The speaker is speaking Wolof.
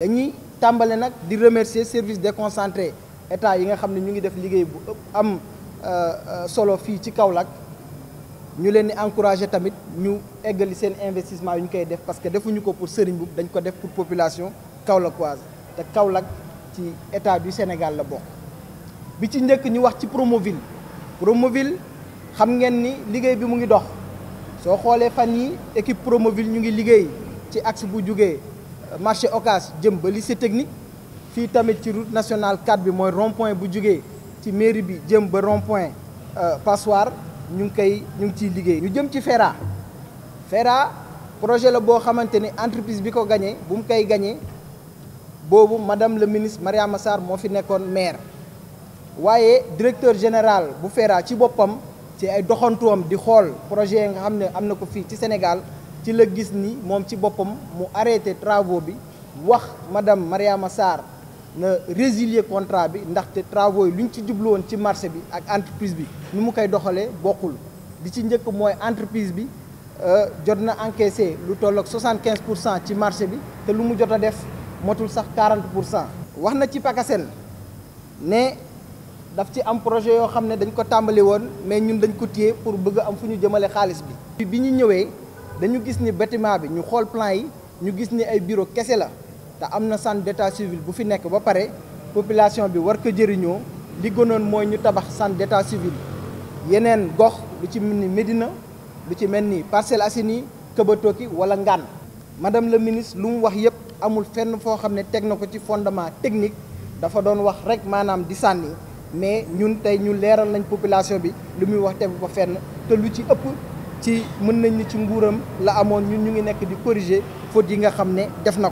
dañuy tàmbale nag di remercier service déconcentré état yi nga xam ne ñu ngi def liggéey bu ëpp am euh, euh, solo fii ci Kaolack ñu leen encourager tamit ñu eggali sen investissement yu ñu koy def parce que defuñu ko pour Serigne Mboup dañ ko def pour population kaolackoise té Kaolack ci état du Sénégal la bok bi ci njëkk ñu wax ci Promoville Promoville xam ngeen ni liggéey bi mu ngi dox so xolé fan yi équipe Promoville ñu ngi liggéey ci axe bu jugee marché Ocass jëm ba lycée technique fi tamit ci route nationale 4 bi moy rond point bu jógee ci mairie bi jëm ba rond point euh, Passoire ñu ngi koy ñu ngi ciy liggéey. ñu jëm ci Fera Fera projet la bo xamante entreprise bi ko gañee bu mu koy madame le ministre Mariama Massar, mo fi nekkoon maire wayé directeur général bu Fera ci bopam ci ay doxantuwam di xol projet nga xamné amna ko fi ci Sénégal. ci la gis ni moom ci boppam mu arrêté travaux bi wax madame Mariama Sarr na résilier contrat bi ndaxte travaux yi lu ñu ci jublu ci marché bi ak entreprise bi nu mu koy doxalee bokkul di ci njëkk mooy entreprise bi euh, jot na encaissé lu toll ak 75 pour cent ci marché bi te lu mu jot a def motul sax 40 pour cent. wax na ci PACASEN ne daf ci am projet yoo xam ne dañ ko tàmbali woon mais ñun dañ ko téye pour bëgg am fu ñu jëmale xaalis bi. bi ñu ñëwee. dañu gis ni bâtiment bi ñu xool plan yi ñu gis ni ay bureau kese la te am na centre d'état civil bu fi nekk ba pare population bi war ko jëriñoo li gënoon mooy ñu tabax sant d'état civil yeneen gox lu ci mel ni Médina lu ci mel ni Parcelles Assainies Këbatooki wala Ngane madame la ministre lu mu wax yëpp amul fenn foo xam ne teg na ko ci fondement technique dafa doon wax rek maanaam di sànni mais ñun tey ñu leeral nañ population bi lu muy wax tegu ko fenn te lu ci ëpp ci mën nañ ci nguuram la amoon ñun ñu ngi nekk di corriger fautes yi nga xam ne def na